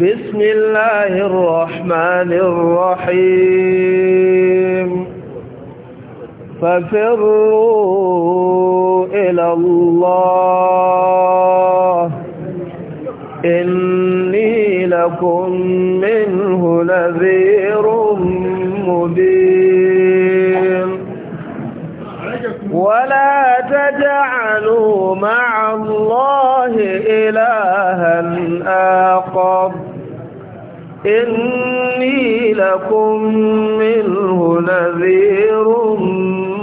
بسم الله الرحمن الرحيم ففروا إلى الله إني لكم منه نذير مبين ولا تجعلوا مع الله إلها آخر إني لكم منه نذير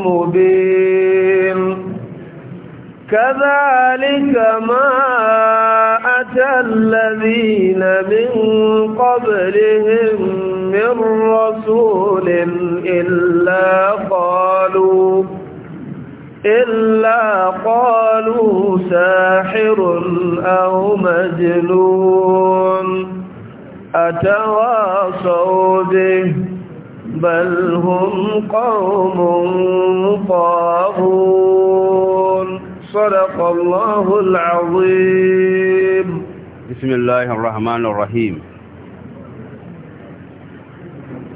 مبين كذلك ما أتى الذين من قبلهم من رسول إلا إلا قالوا ساحر أو مجنون أتواصوا به بل هم قوم طاغون صدق الله العظيم بسم الله الرحمن الرحيم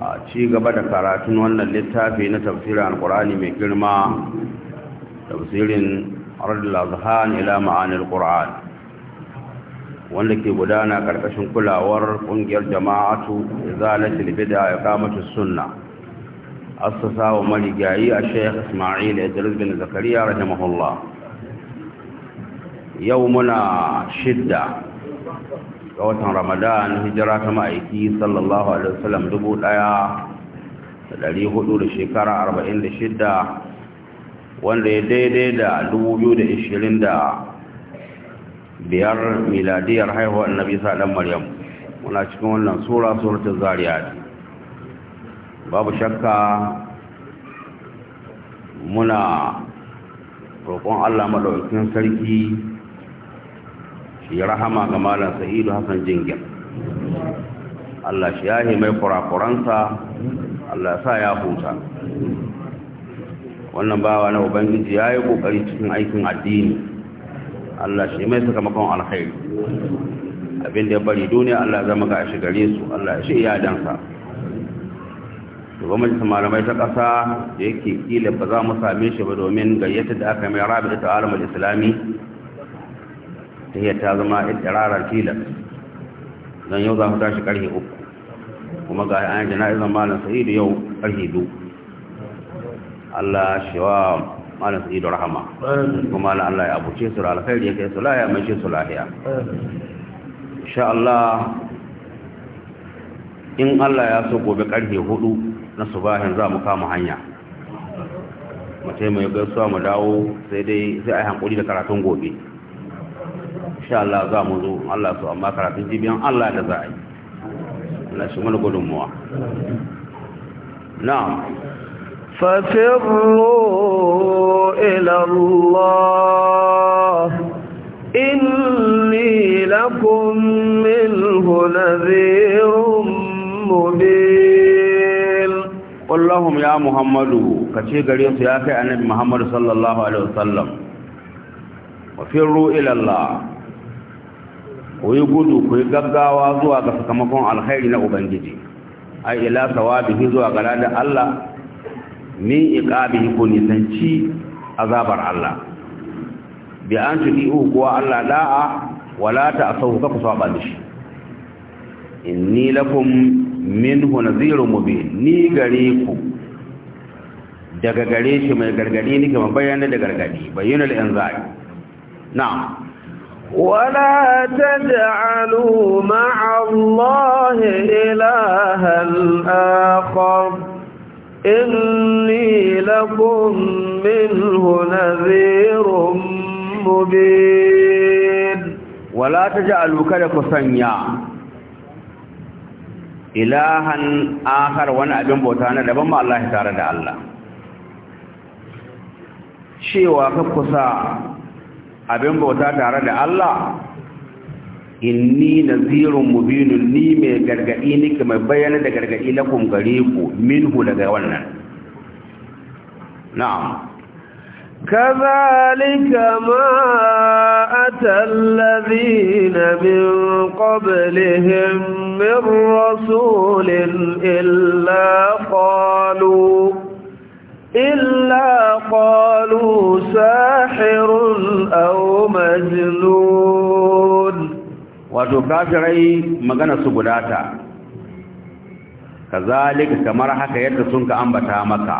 a ci gaba da karatun wannan littafi na tafsirin alkurani mai girma tafsirin ardul azhan ila ma'anil qur'an wanda ke gudana karkashin kulawar kungiyar jama'atu izalatul ya kamata sunna assasa wa marigayi a Sheikh Ismail Idris bin Zakariya rahimahullah yau muna shidda ga watan ramadan hijira ta ma'aiki sallallahu alaihi wasallam dubu ɗaya da ɗari hudu da shekara arba'in da shidda wanda ya daidai da dubu biyu da ishirin da biyar miladiyar haihuwar nabi sa'adar maryam muna cikin wannan sura suratul zariyat babu shakka muna roƙon allah maɗaukin sarki shi rahama ga malam sa'idu hasan jingir Allah shi yahe mai kurakuransa Allah sa ya huta wannan bawa na ubangiji ya yi kokari cikin aikin addini Allah shi mai makon alkhairi abinda ya bari duniya Allah zama ga shi gare su Allah shi iyadansa gwamnati malamai ta ƙasa da yake kila ba za mu same shi ba domin gayyata da aka mai rabi ta alamul islami tahiyar ta zama ittirarar tilas don yau za mu tashi karfe uku kuma ga an jana'izan malam sa'idu yau karfe biyu Allah shi wa malam sa'idu rahama kuma malam Allah ya abuce su alkhairi ya kai su lahiya mai su lahiya insha Allah in Allah ya so gobe karfe hudu na subahin za mu kama hanya mu taimaka gaisuwa mu dawo sai dai sai a yi hankuli da karatun gobe شاء الله زامدو الله سوى ما كرات جيبيان الله تزاي لا شمال قدوم موا نعم ففروا إلى الله إني لكم منه نذير مبين قل لهم يا محمد كتير قريب سياكي عن محمد صلى الله عليه وسلم وفروا إلى الله ku yi gudu ku yi gaggawa zuwa ga sakamakon alkhairi na ubangiji ai ila sawabihi zuwa ga ladan Allah min iqabihi ku nisanci azabar Allah bi an tudi'u kuwa Allah da'a wala ta'sahu ka kusa ba mishi inni lakum minhu nadhirun mubin ni gare ku daga gare shi mai gargadi nake ban bayyana da gargadi bayyana al anzari na'am ولا تجعلوا مع الله إلها آخر إني لكم منه نذير مبين ولا تجعلوا كذلك سنيا إلها آخر وانا أبن بوتانا لبما الله تعالى الله شيوا كفكسا abin bauta tare da Allah inni nazirun mubinun ni mai gargadi nake mai bayyana da gargadi lakum gare ku minhu daga wannan na'am كذلك ما أتى الذين من قبلهم من رسول إلا قالوا إلا wato kafirai magana su gudata kazalika kamar haka yadda sun ka ambata maka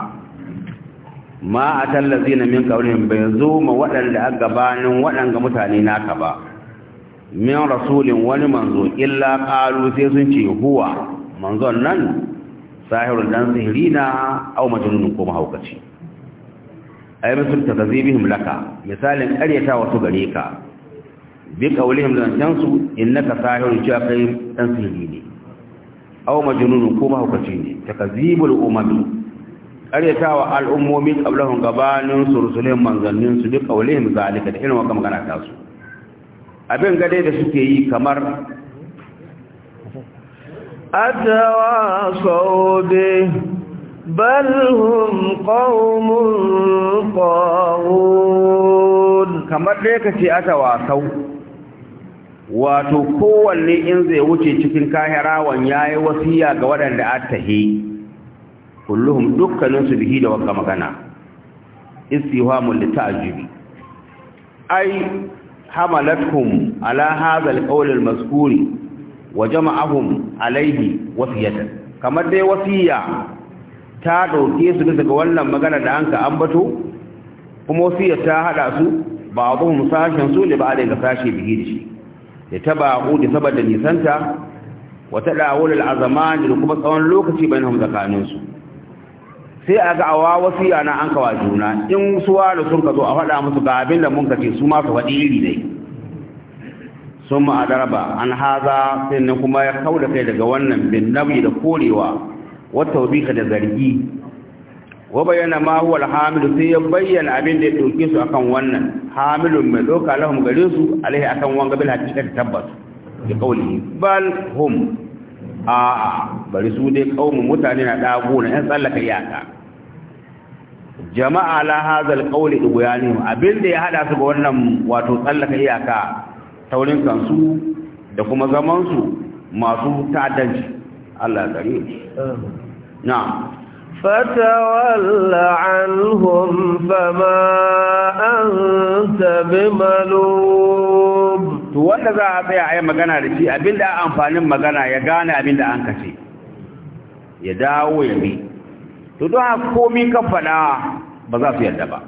ma atal ladina min bai zo ma wadanda a gabanin wadanga mutane naka ba min rasulin wani manzo illa qalu sai sun ce huwa manzon nan sahirun dan sihirina au majnunun ko mahaukaci ay musul laka misalin qaryata wasu gare ka bi kaulihim lan tansu innaka sahirun cewa kai dan sihiri ne aw majnun ko hukaci ne takazibul umami qaryatawa al'ummomi qablahum gabanin sursulin manzannin su bi kaulihim zalika da irin wannan magana ta su abin gade da suke yi kamar atawasau bi bal hum qaumun qawun kamar dai kace atawasau wato kowanne in zai wuce cikin kahirawan ya yi wasiya ga waɗanda a tahi kulluhum dukkaninsu bihi da wagga magana istiwamun da jibi. ai hamalatkum ala hazal qawlil mazkuri wa jama'ahum alaihi wasiyata kamar dai wasiya ta ɗauke su daga wannan magana da anka ambato kuma wasiya ta haɗa su ba abuhum sashin su ne ba da ga sashi bihi da shi da tabahu da saboda nisanta wa tadawul al'azaman da kuma tsawon lokaci bainahum zakanin su sai aga awa wasu yana an kawa juna in suwa da sun kazo a faɗa musu ga abin da mun kace su ma su faɗi iri dai sun ma an haza sai ne kuma ya kauda kai daga wannan bin nabi da korewa wata wabika da zargi wa bayyana ma huwa alhamilu sai ya bayyana abin da ya dauke su akan wannan hamilun mai doka lahum gare su alaihi akan wanga bil ta tabbas da kauli bal hum a bari su dai kaumun mutane na dago na yan tsallaka iyaka jama'a la hazal qawli ibyani abin da ya hada su ga wannan wato tsallaka iyaka taurin kansu da kuma zaman su masu ta'addanci Allah ya kare na'am فتول عنهم فما أنت بملوم wanda za a tsaya a yi magana da shi abinda an amfanin magana ya gane abinda an kace ya dawo ya bi to don haka komi ka faɗa ba za su yadda ba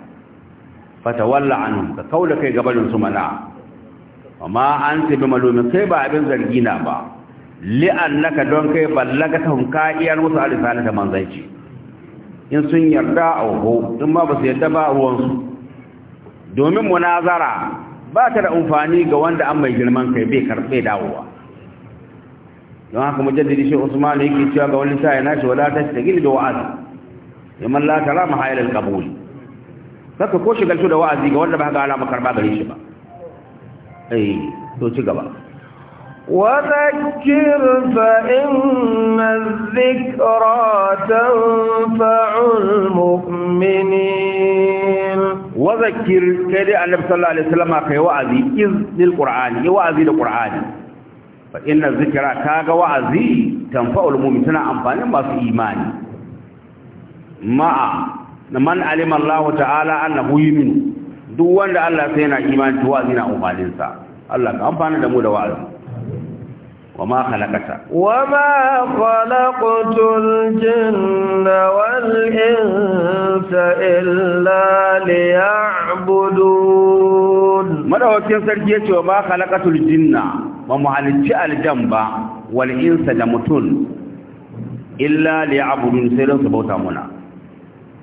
fatawalla anhum ka kaula kai gabanin su mana amma an tabi malumin kai ba abin zargi na ba Li'an li'annaka don kai ballaka ta hunkayar musu alisalata manzanci in sun yarda a wuhu in ba ba su yarda ba a ruwansu domin munazara ba ta da amfani ga wanda an mai girman kai bai karɓe dawowa don haka mujaddidi shi usman yake cewa ga wani sa ya nashi wala ta ta da wa'azi yamman la tara mahayil al-qabul saka ko shi da wa'azi ga wanda ba ga alama karba gare shi ba eh to ci gaba وذكر فإن الذكرى تنفع المؤمنين وذكر كده النبي صلى الله عليه وسلم في وعزي إذ للقرآن إيه وعزي للقرآن فإن الذكرى كاغا وعزي تنفع المؤمنين أنفان ما في إيمان مع من علم الله تعالى أنه يمين دوان wanda سينا إيمان توازينا imanci الله na umarninsa Allah وما خلقت وما خلقت الجن والإنس إلا ليعبدون مدوكين سرجيتي وما خلقت الجن ومعالجي الجنب والإنس دمتون إلا ليعبدون سيرن سبوتا منا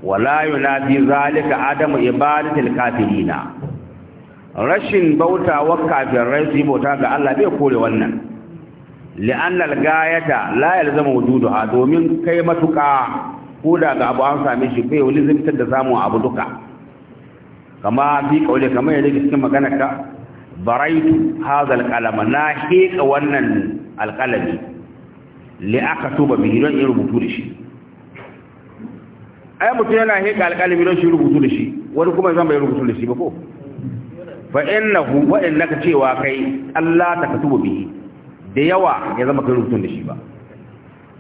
ولا ينافي ذلك عدم عبادة الكافرين rashin bauta wa kafirai su yi bauta ga Allah bai kore wannan li'annal gayata la yalzamu wujuduha domin kai matuka ko da ga abu an same shi bai wani zimtar da samu abu duka kama bi kaule kama yadda ke cikin magana ka baraitu hadha alqalama na heka wannan alqalami li akatuba bihi don in rubutu da shi ai mutum yana heka alqalami don shi rubutu da shi wani kuma zan bai rubutu da shi ba ko fa innahu wa innaka cewa kai Allah ta katubu bihi da yawa ya zama kai rubutun da shi ba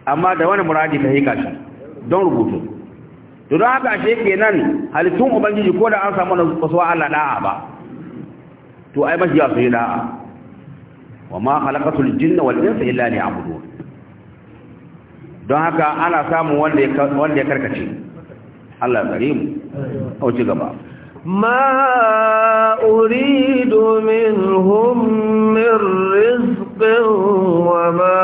amma da wani muradi ta haika shi don rubutu to don haka ashe nan halittun ubangiji ko da an samu na kasuwa Allah da'a ba to ai ba shi ya sai da'a wa ma khalaqatul jinna wal insa illa liya'budun don haka ana samun wanda ya wanda ya karkace Allah ya kare au ci gaba ما أريد منهم من رزق رزق وما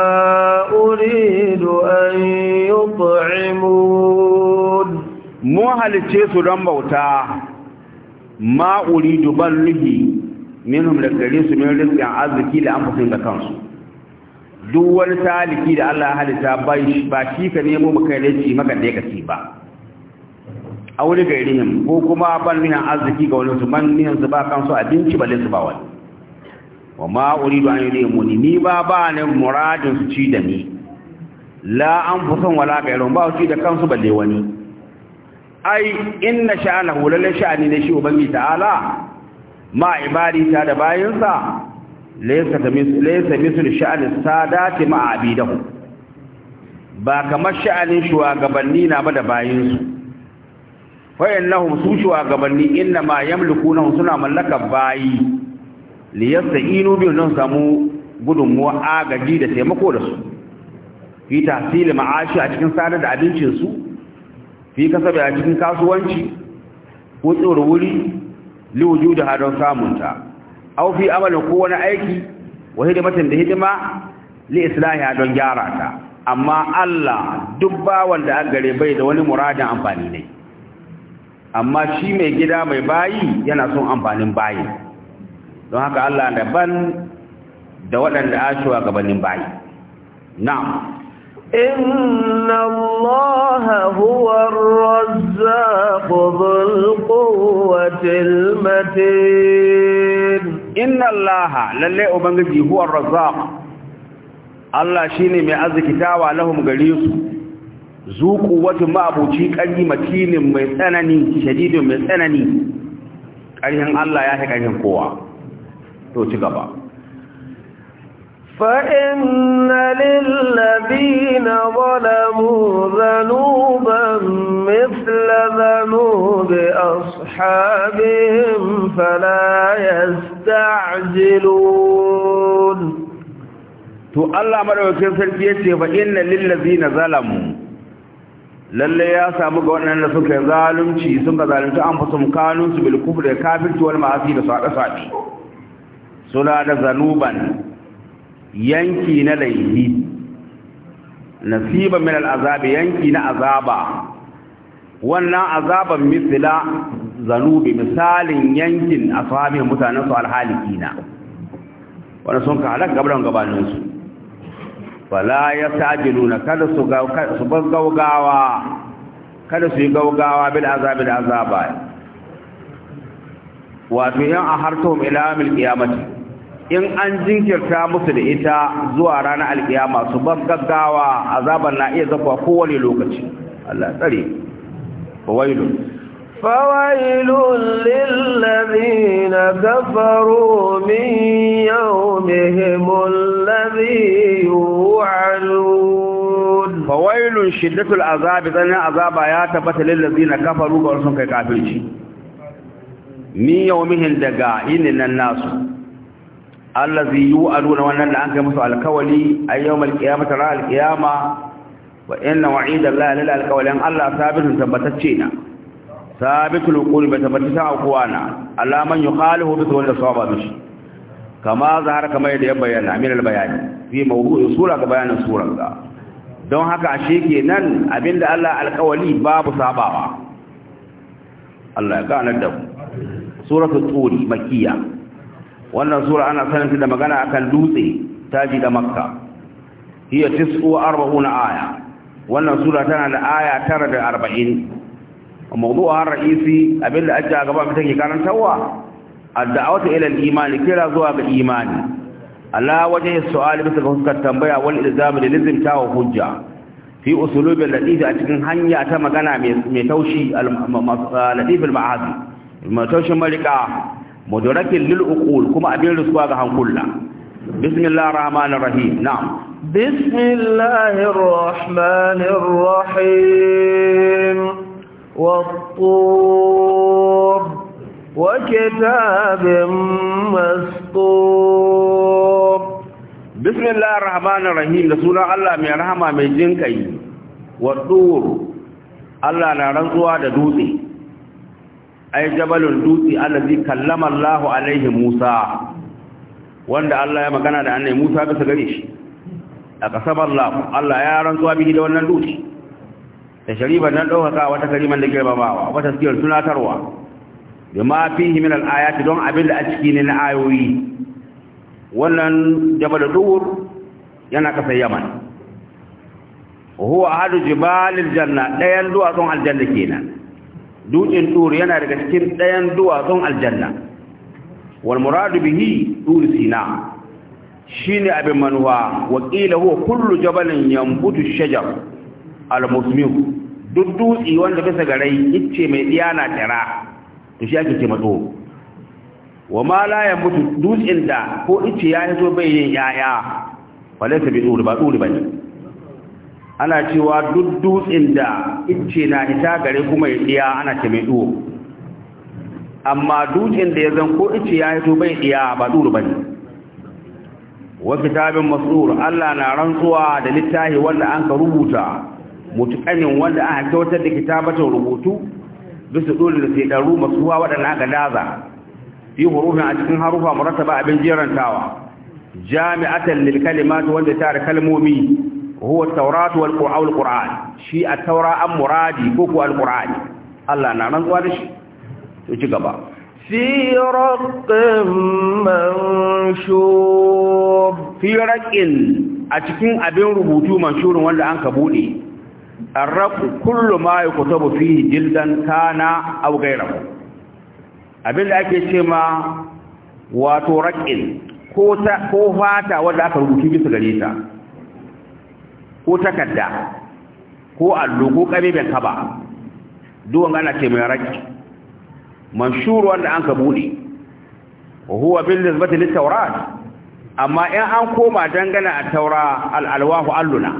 أريد أن يطعمون مو هل تشيسو رمبوتا ما أريد بله منهم لكريس من رزق عزكي لأنفسهم لكانسو duk wani taliki da Allah halitta ba shi ka nemo maka ne ci maka da yake ba a wani gairihim ko kuma ban nihan arziki ga wani su man nihan su ba kansu abinci balle su ba wani wa ma uridu an yulimuni ni ba ba ne muradin su ci da ni la an fusan wala gairun ba su ci da kansu balle wani ai inna sha'anahu lalle sha'ani ne shi ubangi ta'ala ma ibadi ta da bayinsa laysa laysa misl sha'ani sadati ma abidahu ba kamar sha'anin shuwagabanni na ba da bayinsu wa'annahum su shuwagabanni inna ma yamlikuna suna mallaka bayi liyasta inu biyu don samu gudunmuwa agaji da taimako da su fi tasiri ma'ashi a cikin sadar da abincinsu fi kasabe a cikin kasuwanci ko tsoro wuri liwuju da hadon samunta au fi amalin ko wani aiki wa matan da hidima li islahi don gyara ta amma Allah duk wanda an gare bai da wani muradin amfani ne amma shi mai gida mai bayi yana son amfanin bayi. don haka Allah daban da waɗanda ashewa gabanin bayi na'am inna Allah huwa ar-razzaqu dhul inna Allah lalle ubangiji huwa ar Allah shi ne mai arzikitawa lahum gare su zuƙu wata ma'abuci ƙarfi matinin mai tsanani shadidin mai tsanani ƙarfin Allah ya fi ƙarfin kowa to ci gaba فإن للذين ظلموا ذنوبا مثل ذنوب أصحابهم فلا يستعجلون to Allah madaukakin sarki yace fa innal lillazina zalamu lalle ya samu ga da suka zalunci ga zalunci an fasum kanun su bil kufri kafirci wal ma'asi da sada suna da zanuban yanki na laifi nasiban min al'azabi yanki na azaba wannan azaban misila zanubi misalin yankin ashabin mutanen su alhalikina Wani sun ka halaka gaban gabanin su fala yastajiluna kada su ga su gaugawa kada su yi gaugawa bil azabi da azaba wato yan a hartum ila mil mace. in an jinkirta musu da ita zuwa ranar alkiyama su ban gaggawa azaban na iya zafa kowane lokaci Allah tsare fawailu lillazi na gafaro min yawmihim allazi yu'alun fawailun shiddatul azabi zanen azaba ya tabbata na gafaro ga wasu kai kafirci min yau mihin daga inin nan nasu allazi yu'aduna wannan da an kai musu alkawali a yawmal qiyamati ra alqiyama wa inna wa'ida allahi lil alqawlin allah sabitun tabbatacce na sabitul qul bi tabbata aqwana alaman yukhalihu bi tawalla sawaba mishi kama zahar kama yadda ya bayyana min albayani fi mawdu'i sura ga bayanin suran ga don haka ashe kenan abinda allah alkawali babu sabawa allah ya kana da suratul turi makiyya wannan sura ana sananta da magana akan dutse taji da makka hiya tis'u arba'una aya wannan sura tana da aya tara da arba'in mawdu'uha ra'isi abinda ake a gaba ke karantawa ad-da'watu ila al-iman kira zuwa ga imani ala wajhi su'al bisa fuskar tambaya wal ilzam da ta wa hujja fi usulubi al-ladith a cikin hanya ta magana mai taushi al-ladith al-ma'azi mai taushin marika mudrakin lil uqul kuma abin riskuwa ga hankula bismillahir rahmanir rahim na'am bismillahir rahmanir rahim wat-tur wa kitabim mastur bismillahir rahmanir rahim da sunan Allah mai rahama mai jinkai wat-tur Allah na rantsuwa da dutse ai jabalun dutse allazi kallama Allahu alaihi Musa wanda Allah ya magana da annabi Musa bisa gare shi a kasaballahu Allah ya rantsuwa bihi da wannan dutse da shariban nan dauka wata kariman da girmamawa wata sikiyar tunatarwa bima fihi min al-ayati don abin da a ciki ne na ayoyi wannan jabal dur yana kasar yaman huwa ahadu jibalil janna dayan duwatsun aljanna kenan dutsen tur yana daga cikin ɗayan duwatsun aljanna Walmuradu bihi tur sina Shi ne abin manuwa wakila huwa kullu jabalin yanbutu shajar al duk dutsi wanda bisa garai icce mai na tara to shi ake ce matso wa ma la yambutu dutsin da ko icce ya hito bai yin yaya walaysa bi tsuri ba ba ne. ana cewa duk dutsen da ice na ita gare kuma ya tsiya ana ce mai duwo amma dutsen da ya zan ko ice ya hito bai tsiya ba duru bane wa kitabin masur Allah na rantsuwa da littafi wanda an ka rubuta mutukanin wanda aka kyautar da kitabatar rubutu bisa dole da sai daru masuwa wadanda aka daza fi hurufin a cikin harufa murattaba abin jerantawa jami'atan lil kalimat wanda ta kalmomi huwa tawrat wal qur'an shi at-taura am muradi ko ko al Allah na rantsuwa da shi to ci gaba fi a cikin abin rubutu manshurin wanda an ka bude ar-raqq abin da ake ce ma wato raƙin ko fata wanda aka rubutu bisa gare ta ko takarda ko allo ko ƙaribin kaba duwan ana ce mai raki manshuru wanda an ka buɗe wa huwa bin nisbati littaurat amma in an koma dangana a taura al'alwahu alluna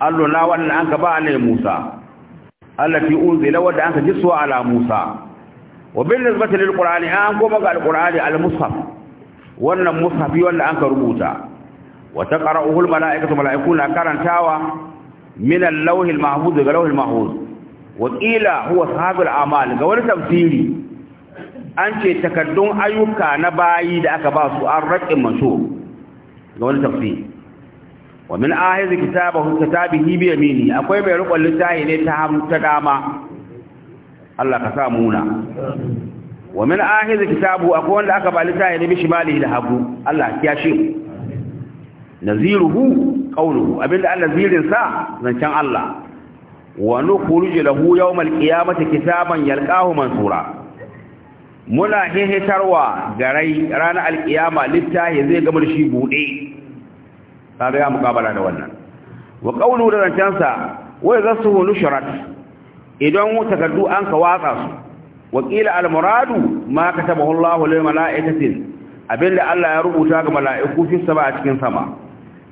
alluna wanda an ka ba ne musa allati unzila wanda an ka jiswa ala musa wa bin nisbati lil qur'ani an koma ga al qur'ani al mushaf wannan mushafi wanda an ka rubuta wata qara'uhu almalaikatu malaiku na karantawa min al-lawh al-mahfuz ga lawh al-mahfuz wa qila huwa sahabul amal ga wani tafsiri an ce takaddun ayyuka na bayi da aka ba su an raqin mashhur ga wani tafsiri wa min da ahiz kitabahu kitabihi bi mini. akwai mai rukun littafi ne ta ta dama Allah ka sa muna wa min da kitabu akwai wanda aka ba littafi ne bi shimalihi da hagu Allah ya shi naziruhu qawluhu abinda Allah zirin sa zancan Allah wa nukhruju lahu yawmal qiyamati kitaban yalqahu mansura muna hihitarwa garai ranar alkiyama littahi zai gama da shi bude kaga ya mukabala da wannan wa qawluhu da zancan sa wa yasuhu nushrat idan takaddu an ka watsa su wakila al-muradu ma katabahu Allahu lil mala'ikati abinda Allah ya rubuta ga mala'iku fi sama a cikin sama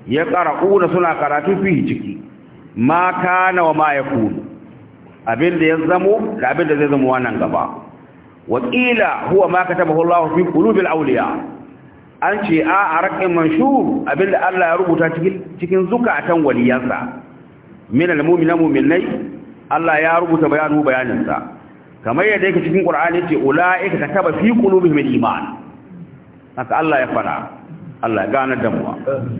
ya ƙara'una suna karatu fi ciki ma kana wa ma ya kunu abinda ya zamo da abinda zai zama wannan gaba wakila huwa ma katabahu Allah fi qulubil awliya an ce a arqin manshur abinda Allah ya rubuta cikin cikin zukatan waliyansa min almu'mina mu'minai Allah ya rubuta bayanu bayaninsa kamar yadda yake cikin Qur'ani ce ulaika kataba fi qulubihim al-iman haka Allah ya fara Allah gane damuwa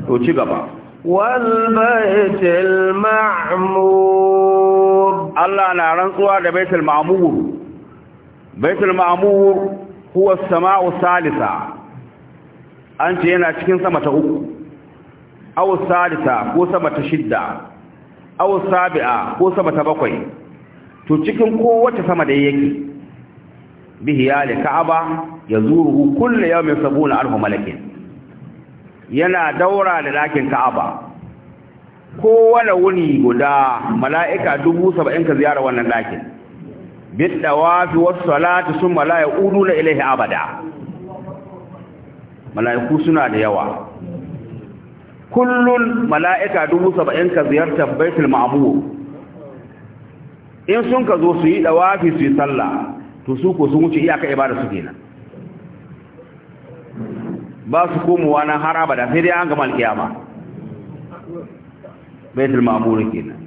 to ci gaba wal baitul ma'mur Allah na rantsuwa da baitul ma'mur baitul ma'mur huwa as-sama'u salisa an ce yana cikin sama ta uku aw salisa ko sama ta shidda aw sabi'a ko sama ta bakwai to cikin kowace sama da yake bihi ya li ka'aba yazuru kullu yawmin sabuna alfu malakin yana daura da ɗakin ka'aba kowane wuni guda mala'ika dubu saba'in ka ziyara wannan ɗakin biddawa fi wasu salatu sun mala'iku udu na ilaihi abada mala'iku suna da yawa kullun mala'ika dubu saba'in ka ziyartar baitul ma'amu in sun ka zo su yi ɗawafi su yi sallah to su ko sun wuce iyaka ibada su kenan ba su komowa wani haraba da sai dai an gama alkiyama baitul ma'mur kenan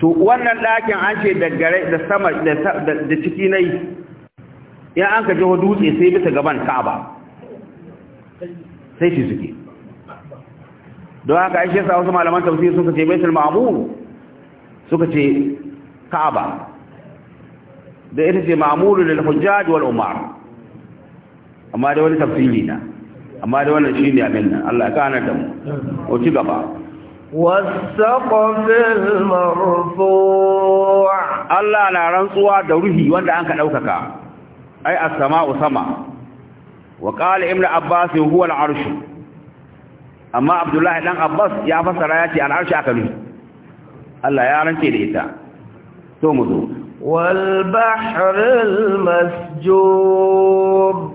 to wannan ɗakin an ce daggare da sama da ciki nai ya an ka jiho dutse sai bisa gaban ka'aba sai shi suke don haka ai shi sa wasu malaman tafsir suka ce baitul ma'mur suka ce ka'aba da ita ce ma'muru lil hujjaj wal umar amma da wani tafsiri na amma da wannan shi ne abin nan Allah ya kanar da mu O ci gaba wasaqafil marfu' Allah na rantsuwa da ruhi wanda an ka daukaka ai as-sama'u sama wa qala ibnu abbas huwa al-arsh amma abdullah dan abbas ya fasara yace al-arsh aka ruhi Allah ya rance da ita to mu zo والبحر المسجور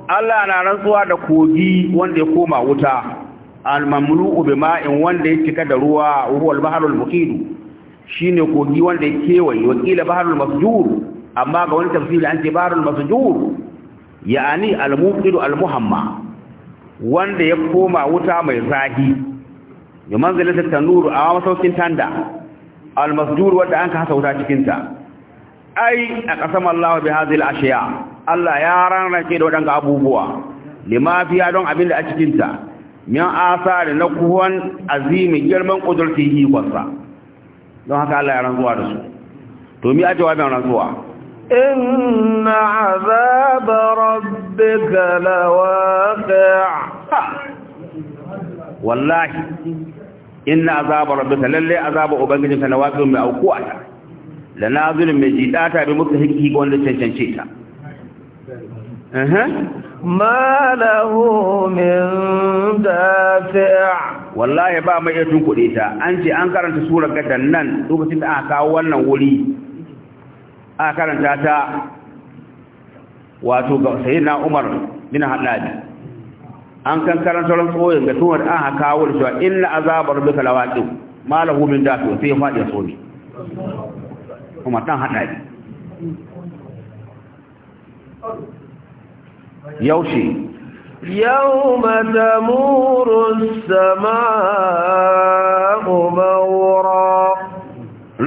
Allah na rantsuwa da kogi wanda ya koma wuta al-mamlu'u bima'in wanda ya cika da ruwa ruwal baharul muqid shine kogi wanda ya kewaye wakila baharul masjur amma ga wani tafsiri an ce baharul masjur yani al-muqid al-muhamma wanda ya koma wuta mai zahi bi manzilatat tanur a masaukin tanda al-masjur wanda an ka hasa wuta cikin ta ai a kasam Allah bi hadhihi al-ashiya Allah ya ranrake da wadanga abubuwa Limafiya fiya don abin da a cikin ta min asari na kuwan azimi girman yi kwasa don haka Allah ya rantsuwa da su to mi a jawabin rantsuwa inna azaba rabbika lawaqi' wallahi inna azaba rabbika lalle azaba ubangijinka lawaqi' mai aukuwa da nazirin mai jida ta bi muka hiki wanda cancance ta ma lahu min dafi' wallahi ba mai yatun kuɗe ta an ce an karanta surar gadan nan lokacin da aka kawo wannan wuri aka karanta ta wato ga na Umar bin Hadabi an kan karanta ran tsoyin da tuwar aka kawo cewa ina azabar bika lawaqi ma lahu min dafi' sai ya fadi tsoni kuma dan haɗari yaushe يوم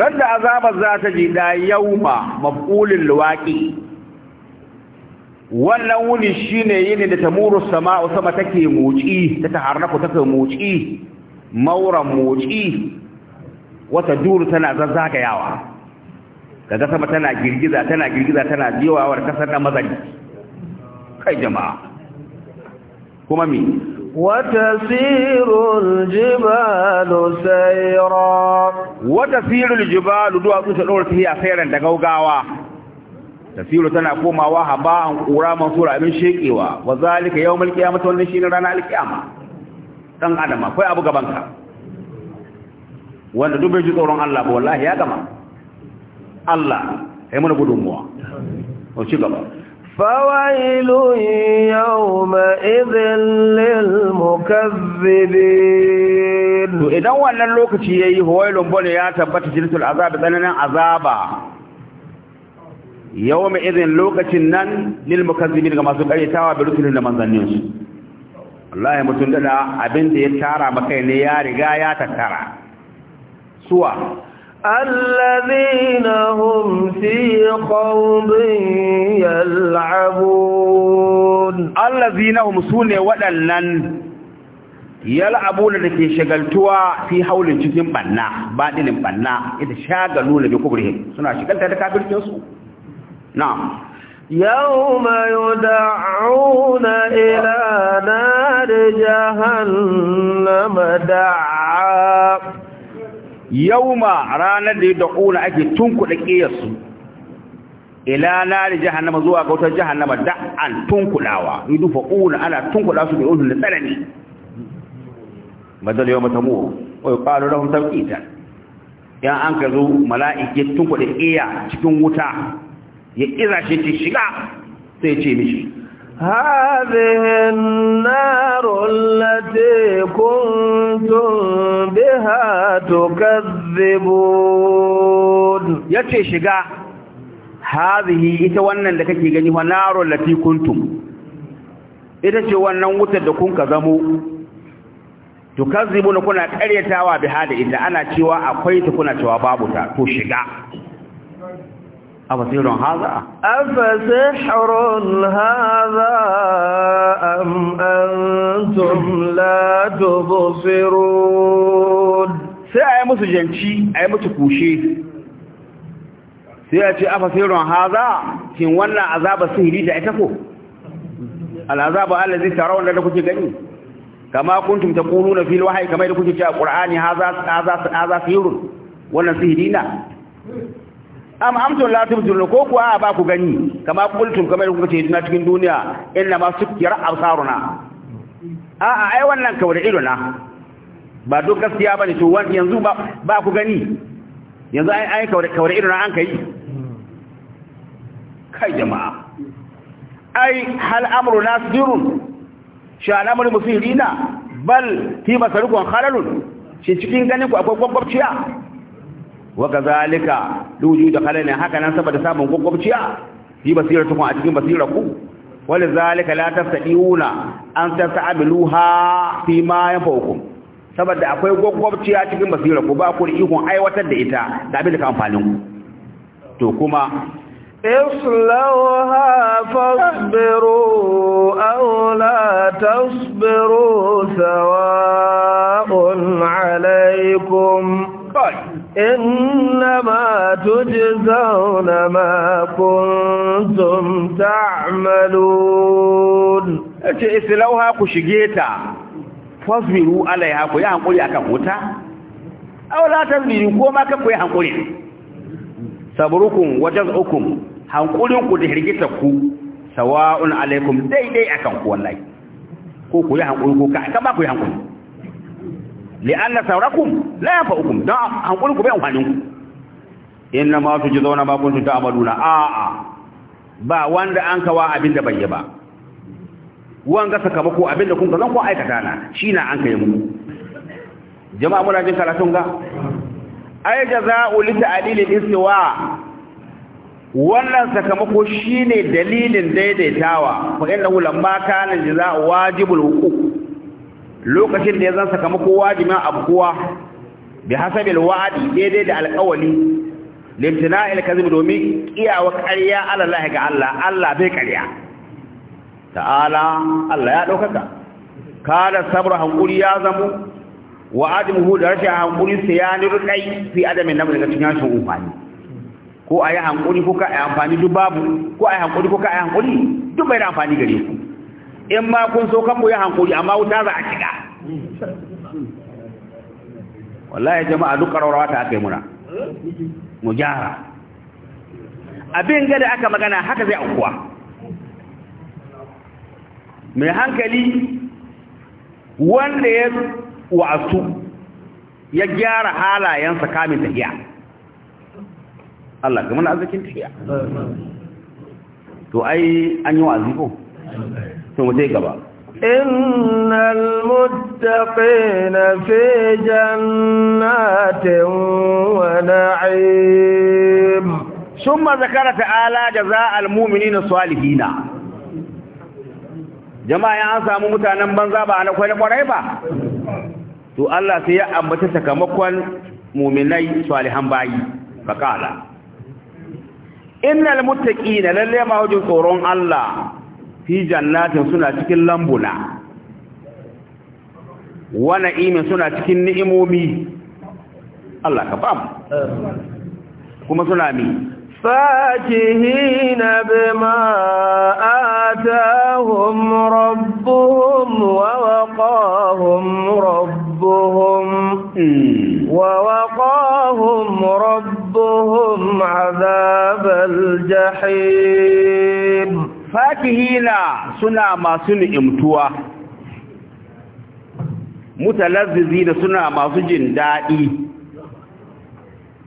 Randa azabar za ta ji da yau ma maɓulin luwaƙi, wannan wuni shi shine ne da tamuru sama'u sama take moci ta taharraku take moci mauran moci wata duru tana zazzagayawa daga sama tana girgiza tana girgiza tana jiyawar kasar na mazari kai jama'a kuma mi sirul jibalu sayra sirul jibalu duwa su dora su ya sayran da gaugawa tasiru tana komawa an kura mansura abin shekewa wa zalika yawmul qiyamah wannan ne rana alkiyama dan adam akwai abu gaban ka wanda duk bai ji tsoron Allah ba wallahi ya gama Allah ya mana gudunmuwa a ci gaba فويل lil للمكذبين to idan wannan lokaci yayi huwailun bane ya tabbata jinsul azab tsananin azaba yawma idhin lokacin nan lil mukazzibin ga masu karitawa bi rusulin da manzannin su wallahi mutun da abin da ya tara maka ne ya riga ya tattara suwa الذين هم في قوم يلعبون الذين هم سوني ودنن yal'abuna da ke shagaltuwa fi haulin cikin banna badinin banna ita shagaluna bi kubrihim suna shagalta da kafircin su na'am yawma yud'auna ila nar jahannama da'a yawma ranar da ya da'una ake tunkuɗa ƙiyarsu ila nari jahannama zuwa ga wutar jahannama da'an tunkuɗawa yi dufa ƙuna ana tunkuɗa su bi ulun da tsanani bazal yau mata muwa yi ƙwaro rahun sauƙita yan an ka zo mala'ike tunkuɗa ƙiyar cikin wuta ya ƙira shi ce shiga sai ce mishi هذه النار التي كنتم بها تكذبون يتي شغا هذه ita wannan da kake gani wa naro lati kuntum ita ce wannan wutar da kun ka zamo tukazzibuna kuna karyatawa biha da ita ana cewa akwai ta kuna cewa babu ta to shiga أفسحر هذا أفسحر هذا أم أنتم لا تبصرون سيأي مسجنشي أي متكوشي سيأتي أفسحر هذا تنوانا عذاب السهري تعتفو العذاب الذي ترون لكم تقني كما كنتم تقولون في الوحي كما يقولون في القرآن هذا هذا هذا سهر ولا سهرينا am tun la tubdun ko kuwa ba ku gani kama kultum kamar kuka ce na cikin duniya inna ma sukkira absaruna a a ai wannan kawai ido na ba duk gaskiya bane to wani yanzu ba ba ku gani yanzu ai ai kawai kawai ido na an kai kai jama'a ai hal amru nasdirun sha al'amru musirina bal fi masarukun khalalun shi cikin ganin ku akwai gwaggwabciya wa kazalika duju da khalani haka nan saboda samun gogobciya yi basira tukun a cikin basira ku wal zalika la tastadiuna an tas'abiluha fi ma yafukum saboda akwai gogobciya cikin basira ku ba ku da ikon aiwatar da ita da abin da ka amfanin ku to kuma اصلوها fasbiru aw la tasbiru sawa'un إنما تجزون ما كنتم تعملون ce isilauha ku shige ta fasbiru alaiha ku yi hankuri akan wuta ta tasbiru ko ma ka ku yi hankuri sabrukum wa ukun hankurin ku da hirgita ku sawa'un alaikum daidai akan ku wallahi ko ku yi hankuri ko ka ba ku yi hankuri li'anna saurakum la yanfa'ukum dan hankulin ku bai amfanin ku inna ma tujzauna ma kuntum ta'maluna a a ba wanda an kawa abin da bai ba wanga sakamako abin da kun zan ku aikata na shi na an kai mu jama'a muna jin karatun ga ai jaza'u li ta'lil istiwa wannan sakamako shine dalilin daidaitawa fa innahu lamma kana jaza'u wajibul huquq lokacin da ya zan sakamako wajimin abkuwa bi hasabil wa'adi daidai da alkawali limtina ilkazim domin iyawa karya Allah ga Allah Allah bai karya. ta'ala Allah ya ɗaukaka kada sabr hankuri ya zamo wa adamuhu da rashin hankuri sai ya ni rukai fi adamin namu daga cikin rashin umfani ko ayi hankuri ko ka ayi amfani duk babu ko ayi hankuri ko ka ayi hankuri duk bai da amfani gare ku in ma kun so kan ku yi hankuri amma wuta za a shiga wallahi jama'a duk karawarwa ta aka yi muna mu gyara abin gada aka magana haka zai aukuwa mai hankali wanda ya wa'asu ya gyara halayensa kamin tafiya Allah gama na arzikin tafiya to ai an yi wa ko to mu gaba إن المتقين في جنات ونعيم ثم ذكر تعالى جزاء المؤمنين الصالحين جماعة أنسى ممتانا بنزابا أنا أخوة قريبا تو الله سيئا أمتتك مقوان مؤمني صالحان باي فقال إن المتقين للي ما هو جنسورون الله fi jannatin suna cikin lambuna wa na'imin suna cikin ni'imomi Allah ka ba kuma suna mi فاكهين بما آتاهم ربهم ووقاهم ربهم ووقاهم ربهم عذاب الجحيم fatihina suna masu ni'imtuwa mutalazzizi da suna masu jin daɗi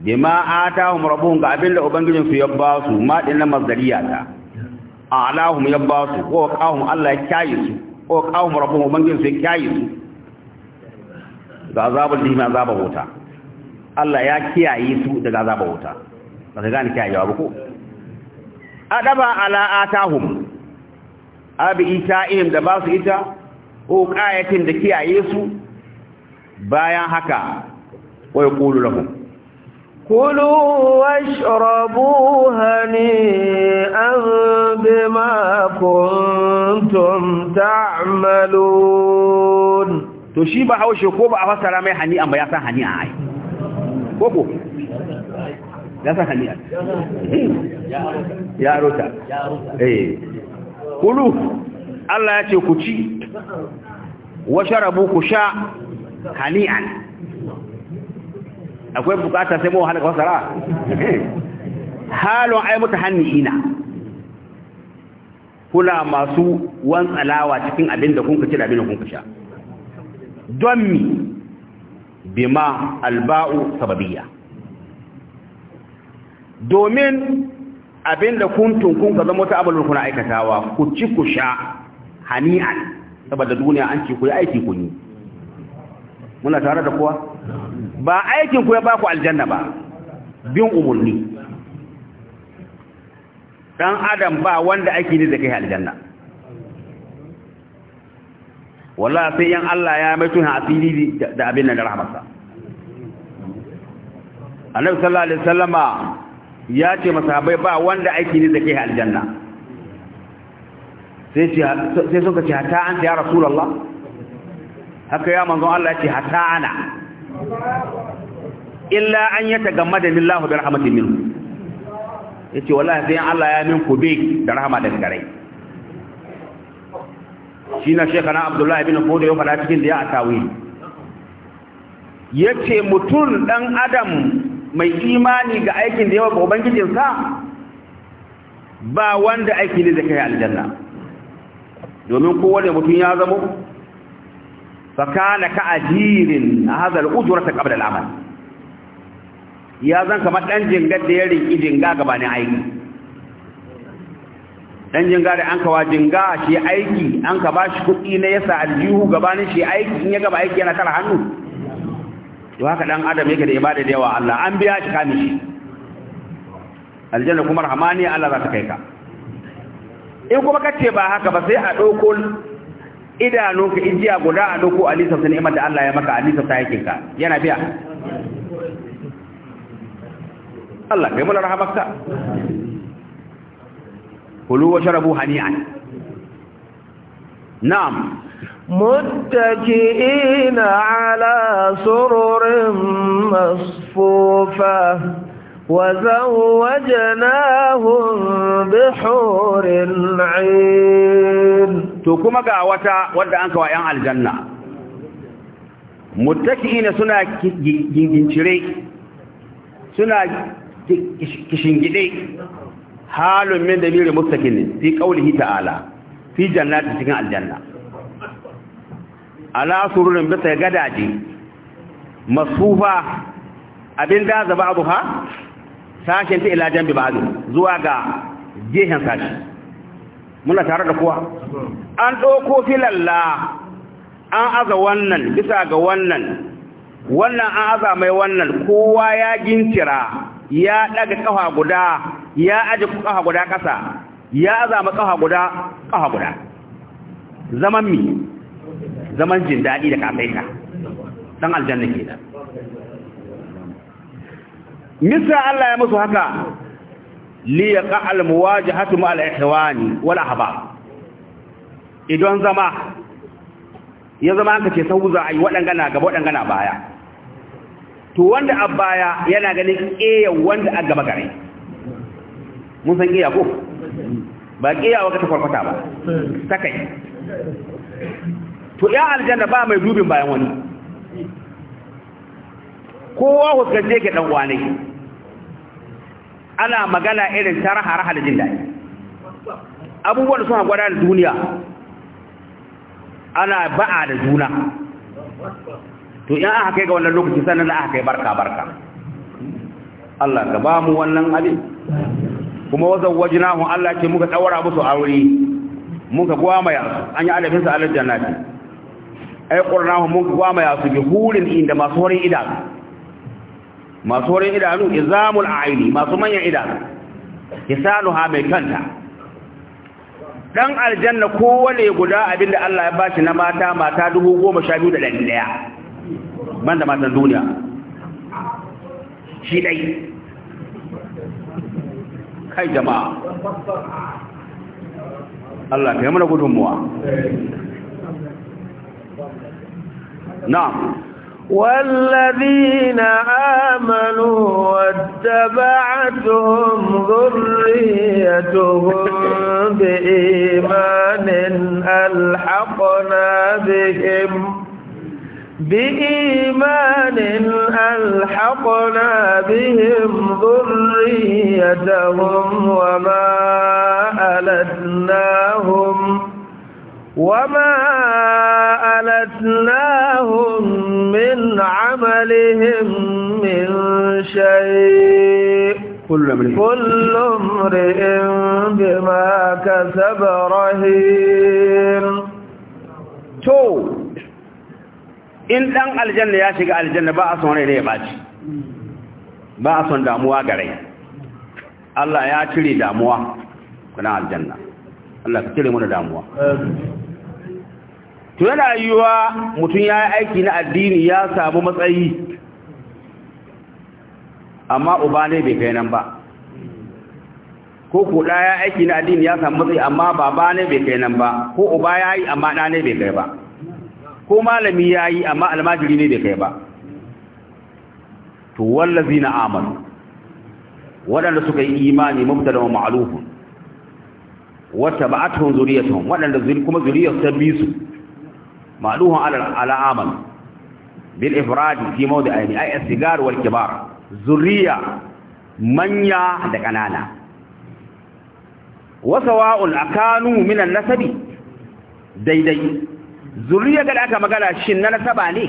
bima atahum rabbuhum ga abinda ubangijin su ya ba su ma dinna mazdariya ta alahum ya ba su ko qahum Allah ya kiyaye su ko qahum rabbuhum ubangijin su ya kiyaye su da azabul dima azaba wuta Allah ya kiyaye su daga azaba wuta ba ka gane kiyaye ba ko adaba ala atahum abi ita ita'ihim da ba su ita ko kayatin da kiyaye su bayan haka wai qulu lahum kulu washrabu an bima kuntum ta'malun to shi ba haushe ko ba a fasara mai hani'an ba ya san hani'an ai koko ya san hani'an ya rota ya rota eh kulu Allah ya ce ku ci wa sharabu ku sha hani'an akwai bukata sai mu halaka wasara halon ai mutahanniina kula masu wantsalawa cikin abin kun ci da abin kun sha don mi bima alba'u sababiyya domin abinda kuntun kun ga zama ta'amalun kuna aikatawa ku ci ku sha hani'an saboda duniya an ce ku yi aiki kun yi muna tare da kuwa? ba aikin ku ya ba ku aljanna ba bin umurni dan adam ba wanda aiki ne da kai aljanna wallahi sai yan Allah ya mai tun asiri da abin nan da rahmarsa annabi sallallahu alaihi wasallama ya ce masabai ba wanda aiki ne da ke aljanna sai suka ce hata an ta ya rasulallah haka ya manzon Allah ce hata ana illa an yi tagammada lillahu da rahmatin minu ya ce wallahi sai Allah ya min ku bi da rahama da gare shi na shekana abdullahi bin kodo yau fada cikin da ya a tawi ya ce mutum ɗan adam mai imani ga aikin da yawa ga ubangijinsa ba wanda aiki ne zai kai aljanna domin kowane mutum ya zama fakana ka ajirin a hazar ujura ta kabar al'amal ya zan kamar ɗan jingar da ya rinki jinga gabanin aiki Ɗan jinga da an kawa jinga shi aiki an ka shi kuɗi na yasa aljihu gabanin shi aiki in ya gaba aiki yana kara hannu to haka dan adam yake da ibada da yawa Allah an biya shi kami shi aljanna kuma rahmani Allah za ta kai ka in kuma kace ba haka ba sai a dauko idanunka injiya guda a dauko alisa sun imanta Allah ya maka alisa ta yake ka yana biya Allah kai mu rahamaka kulu wa sharabu hani'an na'am متكئين على سرر مصفوفة وزوجناهم بحور عين to kuma ga wata wadda an kawo yan aljanna muttaki'ina suna gingincire suna kishingide halun min dalilin mustakin fi qaulihi ta'ala fi jannati cikin aljanna ala sururin bisa gadaje masufa abin da zaba abu ha sashen ta ila jambi ba zuwa ga gehen sashi muna tare da kowa an ɗauko filalla an aza wannan bisa ga wannan wannan an aza mai wannan kowa ya gintira ya ɗaga ƙafa guda ya aji ƙafa guda ƙasa ya aza ma ƙafa guda ƙafa guda zaman mi zaman jin daɗi da kafaita ɗan aljanna ke da misra Allah ya musu haka li yaqa al muwajahatu ma al wala haba. ahba idan zama ya zama kace sau za ai wadanga na gaba waɗanga na baya to wanda a baya yana ganin ƙeya wanda a gaba gare mun san ƙeya ko ba ƙeya wata kwarkwata ba ta kai. to ya aljanna ba mai dubin bayan wani kowa huskance ke dan wane ana magana irin ta raha-raha da daɗi abubuwan da suna gwada da duniya ana ba'a da juna to in aka kai ga wannan lokaci sannan aka kai barka-barka Allah ka ba mu wannan abin kuma wazan wajinahu Allah ke muka ɗaura musu aure muka gwamaya an yi alifinsa alar jannati ai qurnahu mun gwama ya su bi hurin inda masu horin idanu masu horin idanu izamul aini masu manyan idanu hisanuha mai kanta dan aljanna kowane guda abinda Allah ya bashi na mata mata 12100 banda matan duniya shi dai kai jama'a Allah ta yi mana gudunmuwa نعم والذين آمنوا واتبعتهم ذريتهم بإيمان ألحقنا بهم بإيمان ألحقنا بهم ذريتهم وما ألتناهم وما ألتناهم من عملهم من شيء كل امرئ بما كسب رهين تو in dan aljanna ya shiga aljanna ba a son rai ya baci ba a son damuwa gare Allah ya cire damuwa kuna aljanna Allah ka cire mana damuwa to yana yiwuwa mutum ya yi aiki na addini ya samu matsayi amma uba ne bai kai nan ba ko ko ɗa ya aiki na addini ya samu matsayi amma baba ne bai kai nan ba ko uba ya yi amma ɗa ne bai kai ba ko malami ya yi amma almajiri ne bai kai ba to wallazi na amal waɗanda suka yi imani mubtada wa ma'alufun wata ba'atuhum zuriyatuhum wadanda waɗanda kuma zuriyar ta bi su ma'aluhun ala al'amal bil ifrad fi mawdi'aini ay as wal kibar zuriya manya da kanana wa sawa'un akanu min an-nasabi daidai zuriya ga aka magana shin na nasaba ne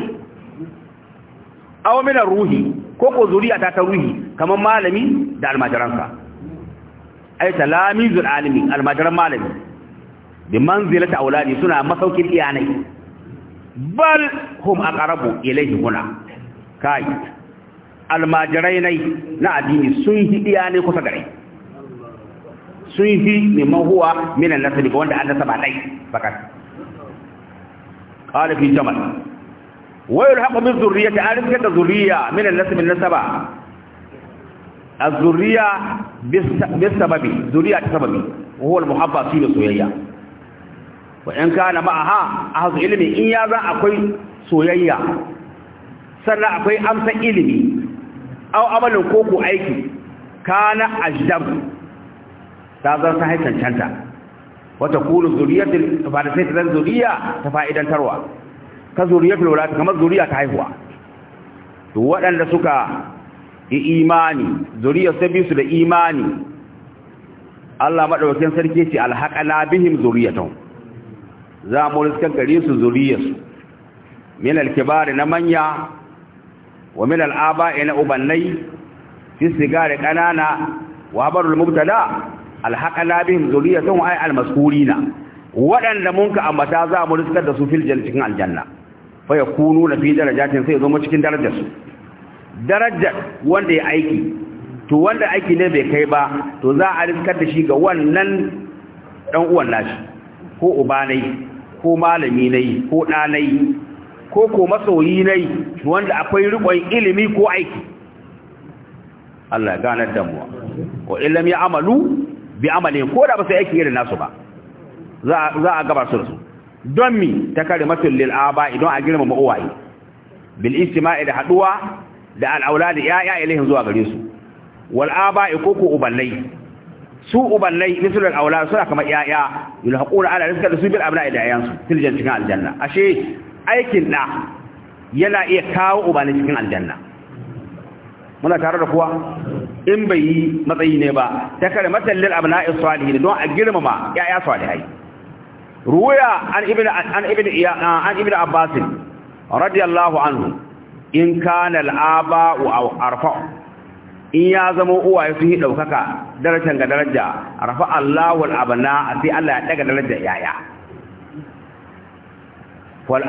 aw min ruhi ko ko zuriya ta ta ruhi kamar malami da almajiransa ai talamizul alimi almajiran malami bi manzilati auladi suna masaukin iyanai bal hum aqrabu ilayhi huna kai almajirai nai na addini sun hi iyanai kusa gare sun hi mimman mahuwa minan nasli ga wanda Allah saba dai bakat qala fi jamal wa yulhaqu bi dhurriyyati arifka dhurriyya minan nasli min azuriya bisababi zuriya ta sababi wa wal muhabba fi soyayya wa in kana ma aha ahzu ilmi in ya za akwai soyayya sannan akwai amsa ilmi aw amalin koko aiki kana ajdam ta zan sai cancanta wa taqulu zuriyatul fa'idatu zan zuriya ta fa'idan tarwa ka zuriyatul wala kamar zuriya ta haihuwa to waɗanda suka imani zuriyar ta biyu su da imani Allah maɗaukakin sarki ce alhaƙala bihim zuriyatan za mu riskan gare su zuriyarsu min alkibari na manya wa min al'aba'i na ubannai fi sigari ƙanana wa barul mubtada alhaƙala bihim zuriyatan wa ay almaskurina waɗanda mun ka ambata za mu riskar da su fil cikin aljanna fa yakunu na fi darajatin sai zo mu cikin darajarsu darajar wanda ya aiki to wanda aiki ne bai kai ba to za a riskar da shi ga wannan dan uwan nashi ko uba ko malami ne ko dalai ko ko masoyi ne wanda akwai rikon ilimi ko aiki Allah ganar da mu wa illam ya amalu bi amali ko da ba sai aiki irin nasu ba za za a gaba su da su don mi ta kare matul lil aba idan a girmama uwaye bil istima'i da haduwa da al'aulad ya'ya ilaihim zuwa gare su wal aba'i ko ko uballai su uballai misalu al'aulad suna kamar ya'ya yana yulhaquna ala rizqi da su bil abin da yayansu fil cikin aljanna ashe aikin da yana iya kawo uballai cikin aljanna muna tare da kuwa in bai yi matsayi ne ba ta kalmatar lil abna'i salihin don a girmama ya'ya salihai ruwaya an ibn an ibn an ibn abbas radiyallahu anhu in kana al'aba wa arfa in ya zama uwaye sun yi daukaka darajar ga daraja arfa Allahu al'abana sai Allah ya daga darajar yaya wal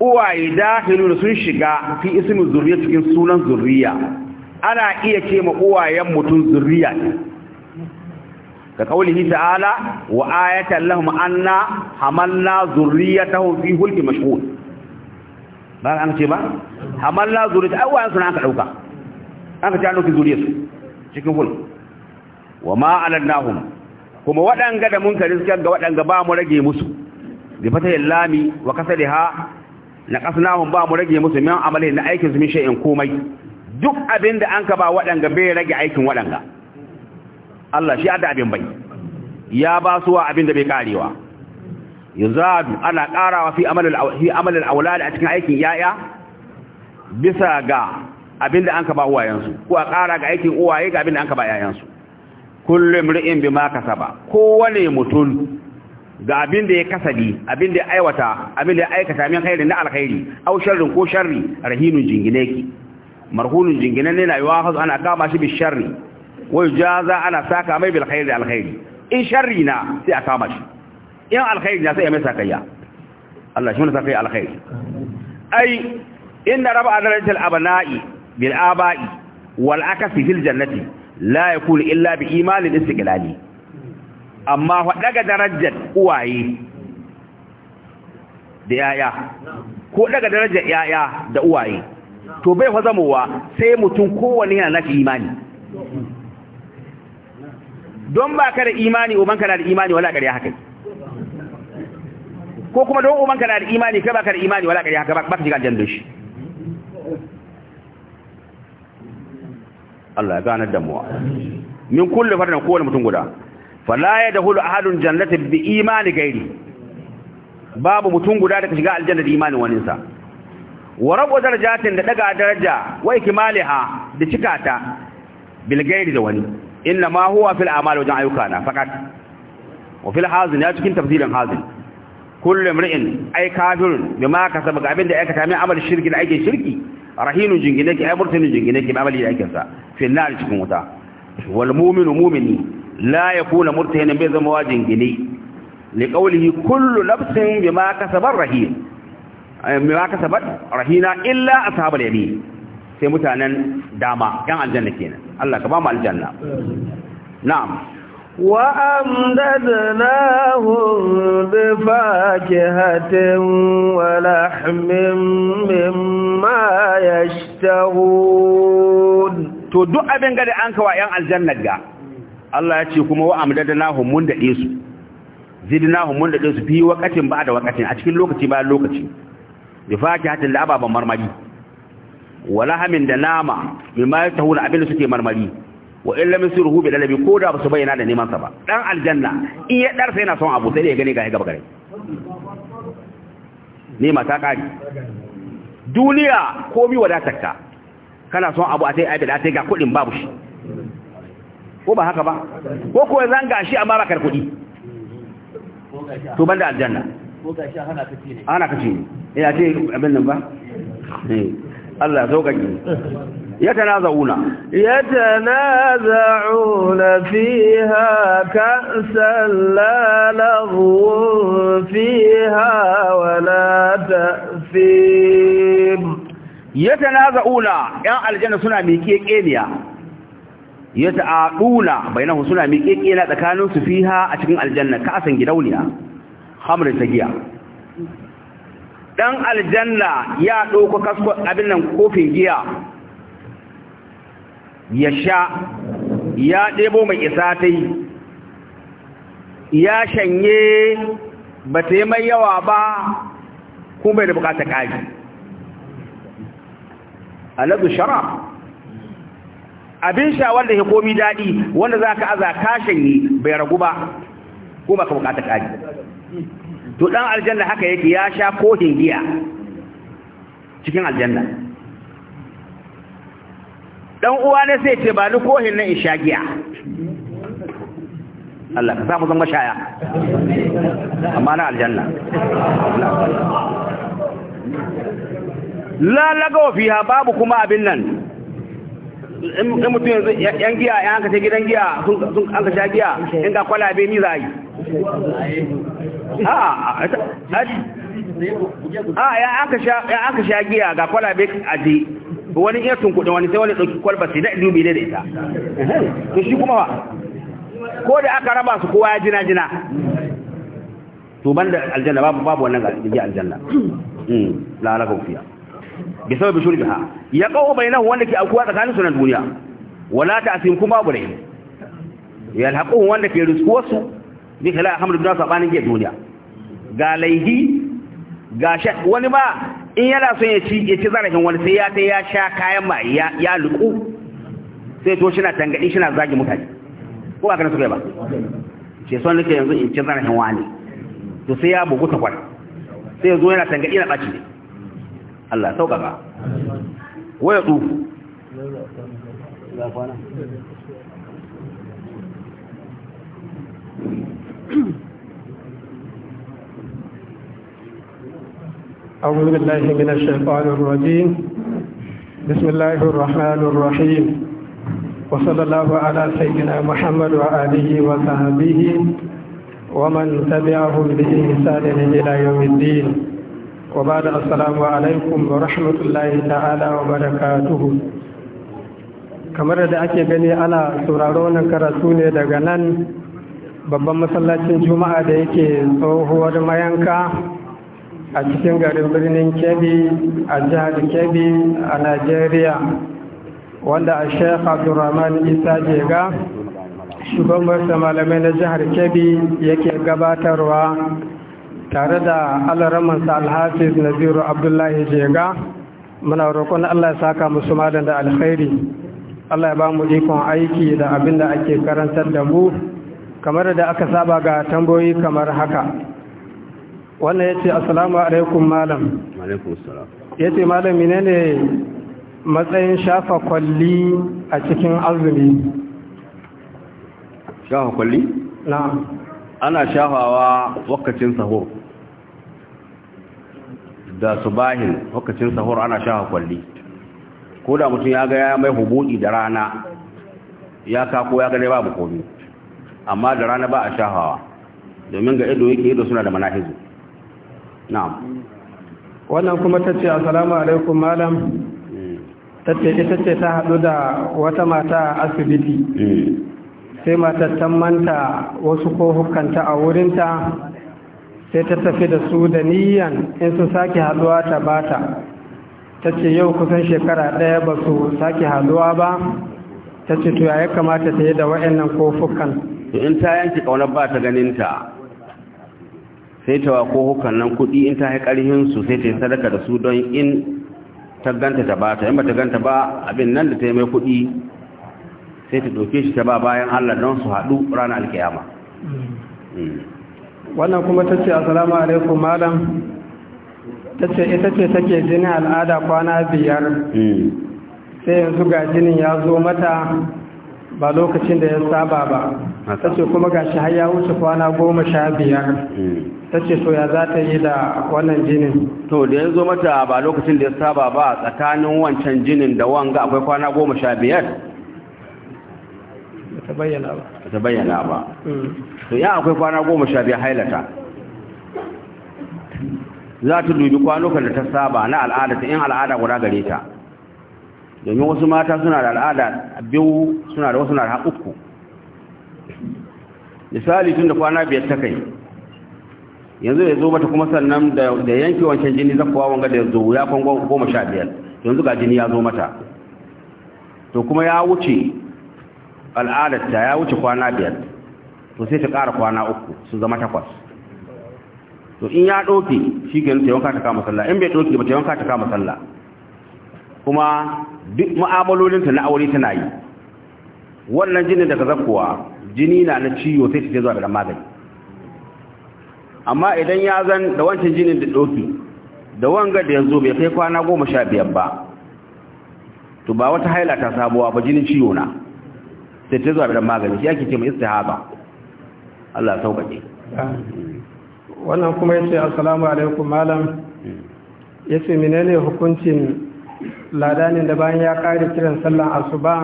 uwaye uwaye da sun shiga fi ismi zurriya cikin sunan zurriya ana iya ce ma uwayen mutum zurriya ka ni ta'ala wa ayatan lahum anna hamalna zurriyatahum fi hulki mashhud ba an ce ba amma la zuriyat awwa an sana ka dauka an ka tano ki su. cikin hul wa ma alannahum kuma wadanga da mun kariskar ga wadanga ba mu rage musu bi fata lami wa kasaliha na kasnahum ba mu rage musu min amali na aikin su min shay'in komai duk abinda an ka ba wadanga bai rage aikin wadanga Allah shi ada abin bai ya ba suwa abinda bai karewa yuzadu ana ƙarawa fi amal al'aulad a cikin aikin yaya bisa ga abinda an ka ba uwayensu ko a ƙara ga aikin uwaye ga abinda an ka ba yayansu kullum ri'in bi ma kasaba kowane mutum ga abinda ya kasabi abinda ya aiwata abinda ya aikata min khairin na alkhairi aw sharrin ko sharri rahinun jingineki marhunun jinginanne na yawa hazu ana kama shi bi sharri wa yujaza ana saka mai bil khairi alkhairi in sharri na sai a kama shi yan alkhairi na sai ya mai sakayya Allah shi mun sakayya alkhairi ai inna raba adaratul abna'i bil aba'i wal akasi fil jannati la yakun illa bi imanin istiqlali amma fa daga darajar uwaye da yaya ko daga darajar yaya da uwaye to bai fa zamowa sai mutum kowanne yana nafi imani don ba ka da imani o uban kana da imani wala kariya haka ko kuma don uban kana da imani kai baka da imani wala kai haka baka shiga aljanna shi Allah ya gane damuwa min kullu fardan kowane mutum guda fala yadkhulu ahadun jannati bi imani gairi babu mutum guda da shiga aljanna da imanin wani sa wa rabu darajatin da daga daraja wai ikmaliha da cikata bil gairi da wani inna ma huwa fil a'mal wa ayyukana faqat wa fil hazin ya cikin tafsirin hazin kullum ri'in ai kafir, bima kasaba ga abin da aikata min amal shirki da aikin shirki rahinu jingine ki ai murtani jingine ki amali da aikin sa fi nar cikin wuta wal mu'minu mu'mini la yakuna murtahinan bai zama wajin gine li qawlihi kullu nafsin bima kasabat rahin eh, bima kasabat rahina illa ashabul yamin sai mutanen dama yan aljanna kenan Allah ka ba mu aljanna na'am وأمددناهم بفاكهة ولحم مما يشتهون to duk abin gada an kawa ‘yan aljannar ga Allah ya ce kuma wa amdada nahun mun daɗe su zidnahum mun daɗe su fi wakatin ba da wakatin a cikin lokaci bayan lokaci da faki hatin da ababen marmari da nama mai ma abin da suke marmari wa illa lam yusirhu bi dalabi ko da basu bayyana da neman sa ba dan aljanna in ya sai na son abu sai ya gane ga gaba gare ma ta kari duniya komi wadatarka kana son abu a sai aibe da sai ga kudin babu shi ko ba haka ba ko ko zan gashi amma ba kar kudi to banda aljanna ko gashi ana kace ne ana kace ne ina ce abin nan ba eh Allah ga ki يتنازعون يتنازعون فيها كأسا لا لغو فيها ولا تأثيم يتنازعون يا الجنة سنة ميكيكينيا يتعاقون بينه سنة ميكيكينا تكانوا فيها أشكين الجنة كأسا جدوليا خمر سجيا dan aljanna ya doko kasko abin nan kofin giya ya sha ya ɗebo mai isa ta yi ya shanye ba ta yi mai yawa ba kuma bai da bukata ƙari alazu shara abin sha wanda ya komi daɗi wanda za ka aza ka shanye bai ragu ba kuma ka bukata ƙari to ɗan aljanna haka yake ya sha ko hingiya, cikin aljanna dan uwa ne sai ce ba ni kohin na ishagiya Allah ka samu zama shaya amma na aljanna lalaga wa fiha babu kuma abin nan in mutum yanzu yan giya yan aka ce gidan giya sun an ka sha giya in ga kwalabe ni zai a a ya aka sha giya ga kwalabe aje wani iya tunkuɗe wani sai wani ɗauki kwalba sai daɗi dubi ne da ita to shi kuma ba ko da aka raba su kowa ya jina jina to ban da aljanna babu babu wannan gaji aljanna hmm. la la fiya bi sababi shurbiha ya qaw bainahu wanda ke akuwa tsakanin sunan duniya wala ta'sim kuma babu rai ya alhaquhu wanda ke riskuwa su bi khala hamdu da sabanin duniya ga laihi ga wani ba in yana son ya ci ya ci zarafin wani sai ya ta ya sha kayan ma ya luku sai to shina tangadi shina zagi mutane ko ba kana suka ba ce son nake yanzu in ci zarafin wani to sai ya bugu ta kwana sai ya zo yana tangadi na baci Allah sauka ba waya tsufu mm أعوذ بالله من الشيطان الرجيم بسم الله الرحمن الرحيم وصلى الله على سيدنا محمد وآله وصحبه ومن تبعهم بإحسان إلى يوم الدين وبعد السلام عليكم ورحمة الله تعالى وبركاته kamar da ake gani ana sauraro wannan karatu ne daga nan babban masallacin juma'a da yake tsohuwar mayanka a cikin garin birnin kebbi a jihar kebbi a nigeria wanda a sheikh abdurrahman isa jega shugabarsa malamai na jihar kebbi yake gabatarwa tare da alaramansa alhafiz naziru abdullahi jega muna roƙon allah ya saka musu malam da alkhairi allah ya ba mu ikon aiki da abin da ake karantar da mu kamar da aka saba ga tambayoyi kamar haka wannan ya ce asalamu alaikum malam ya ce malam ne ne matsayin shafa kwalli a cikin azumi shafa kwalli? na ana shafawa wakacin sahur da subahin wakacin sahur ana shafa kwalli ko da mutum ya ga ya mai hubuɗi da rana ya kako ya gane babu komi amma da rana ba a shafawa domin ga ido yake ido suna da manahizu na'am wannan kuma ta ce assalamu alaikum malam hmm. ta ce ita ce ta hadu da wata mata a asibiti hmm. sai matar ta manta wasu ko hukanta a wurinta sai ta tafi da su da niyan in su sake haduwa ta bata ta yau kusan shekara ɗaya ba su sake haduwa ba tace ce to ya kamata ta yi da wa'annan kofukan in ta yanki ƙaunar ba ta ganinta sai ta wako hukan nan kuɗi in ta haƙarihin su sai ta yi sadaka da su don in ta ganta ta bata in ba ta ganta ba abin nan da ta yi mai kuɗi sai ta doke shi ta ba bayan Allah don su haɗu ranar alkiyama mm. wannan kuma ta ce a alaikum malam ta ce ita ce take jini al'ada kwana biyar mm. sai yanzu ga jinin ya zo mata ba lokacin da ya saba ba ta ce kuma ga shi har ya wuce kwana goma sha biyar hmm. ta ce to ya za ta yi da wannan jinin to da ya zo mata ba lokacin da ya saba ba tsakanin wancan jinin da wanga akwai kwana goma sha biyar bayyana ba ta bayyana ba hmm. to ya akwai kwana goma sha biyar hailata za ta dubi kwanukan da ta saba na al'ada ta in al'ada guda gare ta domin wasu mata suna da al'ada biyu suna da wasu na da uku misali tun da kwana biyar ta kai yanzu ya zo bata kuma sannan da yanke wancan jini zakuwa wanga da ya zo ya kwan goma sha biyar yanzu ga jini ya zo mata to kuma ya wuce al'adarta ya wuce kwana biyar to sai ta ƙara kwana uku su zama takwas to in ya ɗauke shi ke ta yanka ta kama sallah in bai ɗauke ba ta yanka ta kama sallah kuma duk mu'amalolinta na aure tana yi wannan jinin daga zakkuwa jini na na ciwo sai ta zuwa da magani amma idan ya zan da wancan jinin da doki da wanga da yanzu bai kai kwana goma sha biyar ba to ba wata haila ta sabuwa ba jinin ciwo na sai ta zuwa da magani shi ake ce mai istihaba Allah sauƙaƙe wannan kuma yace assalamu alaikum malam yace menene hukuncin ladanin da bayan ya kare kiran sallan asuba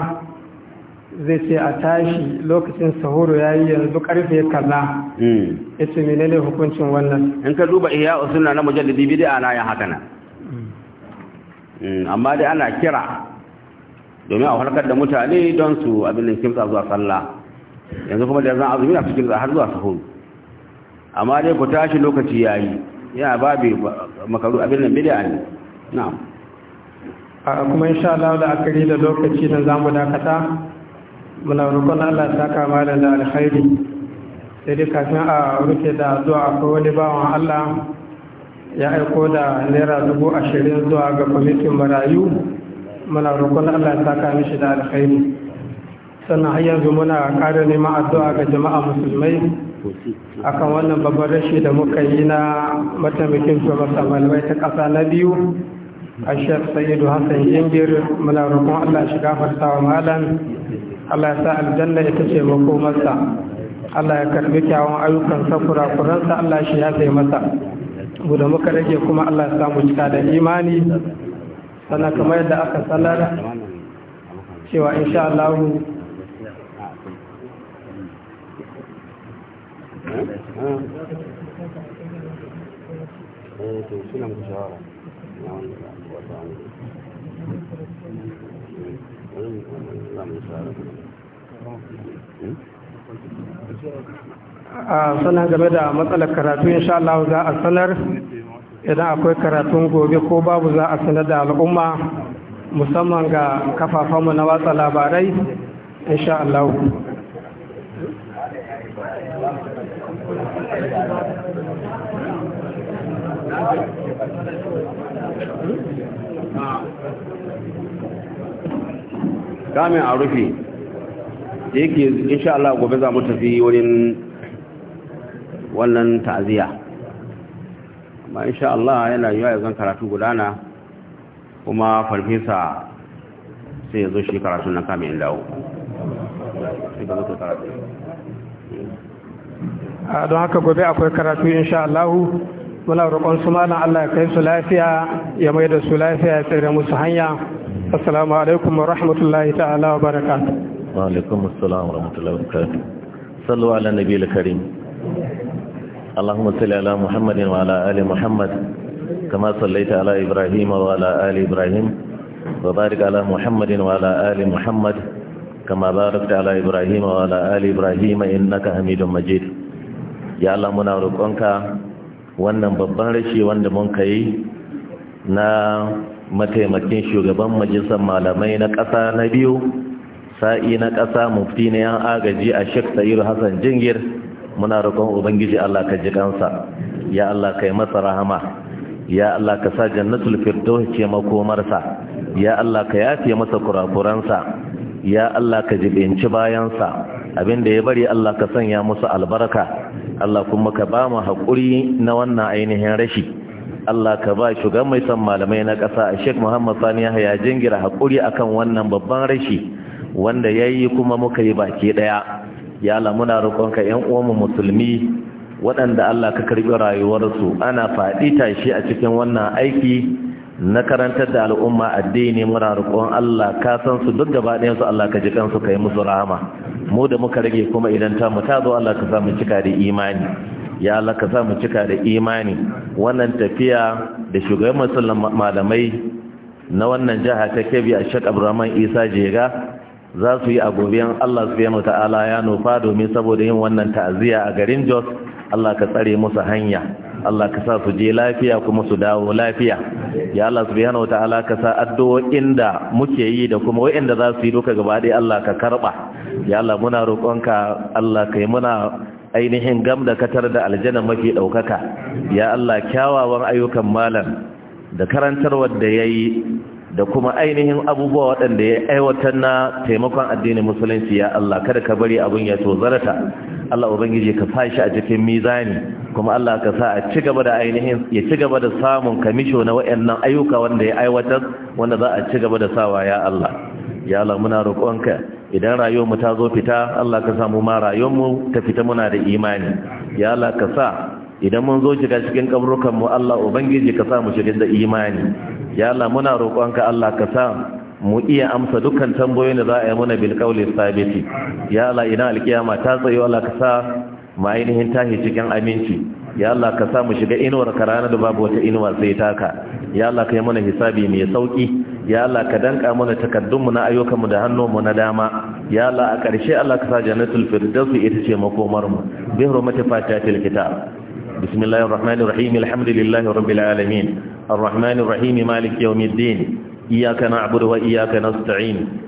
zai ce a tashi lokacin sahuru ya yi yanzu karfe kaza hmm. ya ce ne hukuncin wannan in ka duba iya suna na mujalladi bid'a na yin haka nan hmm. Hmm, amma dai ana kira domin a halkar da mutane don su abin da kimsa zuwa sallah yanzu kuma da zan azumi a cikin har zuwa sahuru amma dai ku tashi lokaci ya yi, yana babi makaru abin nan bid'a ne na'am kuma insha Allah da akari da lokaci da zamu dakata muna roƙon Allah ya saka kama da alkhairi sai dai kafin a rufe da zuwa akwai wani bawan Allah ya aiko da naira dubu ashirin zuwa ga kwamitin marayu muna roƙon Allah ya saka mishi da alkhairi sannan har yanzu muna ƙara neman addu'a ga jama'a musulmai akan wannan babban rashi da muka yi na mataimakin shugaban malamai ta ƙasa na biyu ashir sayyidu hassan jingir muna roƙon allah shi gafarta wa malam allah ya sa aljanna ita ce makomarsa allah ya karbi kyawun ayyukan sakura kuransa allah shi ya sai kuma allah ya samu da aka sanar a sanar game da matsalar karatu insha Allah za a sanar idan akwai karatun gobe ko babu za a sanar da al'umma musamman ga kafafenmu na watsa labarai insha Allah kamin a rufe da yake insha Allah gobe za mu tafi wurin wannan ta'aziyya amma insha Allah yana yi yanzu karatu gudana kuma farfesa sai ya zo shi karatu na kamin dawo don haka gobe akwai karatu insha Allah muna roƙon su malam Allah ya kai su lafiya ya mai da su lafiya ya tsere musu hanya assalamu alaikum wa rahmatullahi ta'ala wa barakatuh wa alaikum wa rahmatullahi wa barakatuh sallu ala nabiyil karim allahumma salli ala muhammadin wa ala ali muhammad kama sallaita ala ibrahim wa ala ali ibrahim wa ala muhammadin wa ala ali muhammad kama barakta ala ibrahim wa ala ali ibrahim innaka hamidum majid ya allah muna roƙonka wannan babban rashi wanda mun kai na mataimakin shugaban majalisar malamai na ƙasa na biyu sa'i na ƙasa mufti na yan agaji a shek sa'iru hassan jingir muna roƙon ubangiji allah ka ji kansa ya allah ka yi masa rahama ya allah ka sa jannatul firdaus ce makomarsa ya allah ka yafe masa kurakuransa ya allah ka jibinci bayansa abin da ya bari allah ka sanya musu albarka allah kuma ka ba mu haƙuri na wannan ainihin rashi Allah ka ba shugaban mai son malamai na ƙasa Sheikh Muhammad Sani Yahaya jingira hakuri akan wannan babban rashi wanda yayi kuma muka yi baki daya ya Allah muna ka ƴan uwanmu musulmi waɗanda Allah ka karbi rayuwarsu ana faɗi tashi a cikin wannan aiki na karantar da al'umma addini muna roƙon Allah ka san su duk gaba ɗayan su Allah ka ji kansu kai musu rahama mu da muka rage kuma idan ta mu ta zo Allah ka sa mu cika da imani ya Allah ka mu cika da imani wannan tafiya da shugaban musulman malamai na wannan jihar ta Kebbi a shek abraman Isa Jega za su yi a gobiyan Allah ya nufa domin saboda yin wannan ta'aziyya a garin Jos Allah ka tsare musu hanya Allah ka sa su je lafiya kuma su dawo lafiya ya Allah subhanahu wataala ka sa addu'o'in da muke yi da kuma wa'inda za su yi duka gaba ɗaya Allah ka karba ya Allah muna roƙonka Allah kai muna ainihin gam da katar da aljanna mafi ɗaukaka ya Allah kyawawan ayyukan malam da karantar da ya yi da kuma ainihin abubuwa waɗanda ya aiwatar na taimakon addinin musulunci ya Allah kada ka bari abin ya tozarata Allah ubangiji ka fashi a cikin mizani kuma Allah ka sa a ci gaba da ainihin ya ci gaba da samun kamisho na waɗannan ayyuka wanda ya aiwatar wanda za a ci gaba da sawa ya Allah ya Allah muna roƙonka idan rayuwar mu ta zo fita Allah ka samu ma rayuwar mu ta fita muna da imani ya Allah ka sa idan mun zo shiga cikin kaburkan mu Allah ubangiji ka sa mu shiga da imani ya Allah muna roƙonka Allah ka sa mu iya amsa dukkan tambayoyin da za a yi muna bil qawli sabiti ya Allah ina alkiyama ta tsayo Allah ka sa mu ainihin tahi cikin aminci ya Allah ka sa mu shiga inuwar ka ranar da babu wata inuwar sai taka ya Allah ka yi mana hisabi mai sauki ya Allah ka danka mana takaddunmu na ayyukanmu da hannunmu na dama ya Allah a ƙarshe Allah ka sa jannatul firdaus ita ce makomar mu bi hurmati fatihatil kitab bismillahir rahmanir rahim alhamdulillahi rabbil alamin arrahmanir rahim maliki yawmiddin iyyaka na'budu wa iyyaka nasta'in